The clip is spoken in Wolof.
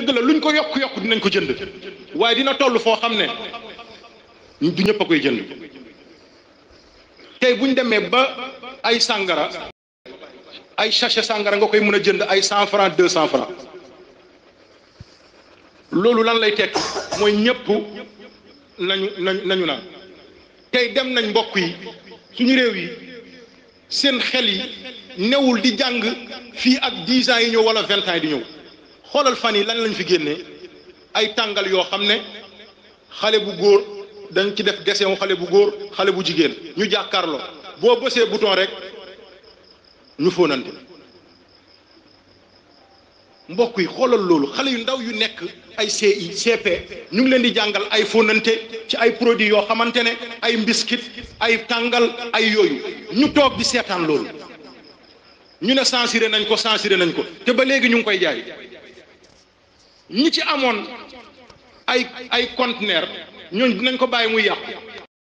dëgg la luñ ko yokk yokk dinañ ko jënd waaye dina toll foo xam ne du ñëpp a koy jënd tey buñ demee ba ay sàngara ay sachet sàngara nga koy mën a jënd ay cent franc deux cent franc loolu lan lay teg mooy ñëpp nañu nañu naan tey dem nañ mbokk yi suñu réew yi seen xel yi newul di jàng fii ak dix ans yi ñëw wala vingt ans yi di ñëw xoolal fan yi lan lañ fi génnee ay tàngal yoo xam ne xale bu góor dañ ci def dessin xale bu góor xale bu jigéen ñu jàkkaarloo boo bësee bouton rek ñu fóonante mbokk yi xoolal loolu xale yu ndaw yu nekk ay CI ñu ngi leen di jàngal ay fóonante ci ay produits yoo xamante ne ay mbiskit ay tàngal ay yooyu ñu toog bi seetaan loolu ñu ne censuré nañ ko censuré nañ ko te ba léegi ñu ngi koy jaay ñi ci amoon ay ay conteneur ñooñ dinañ ko bàyyi muy yàqu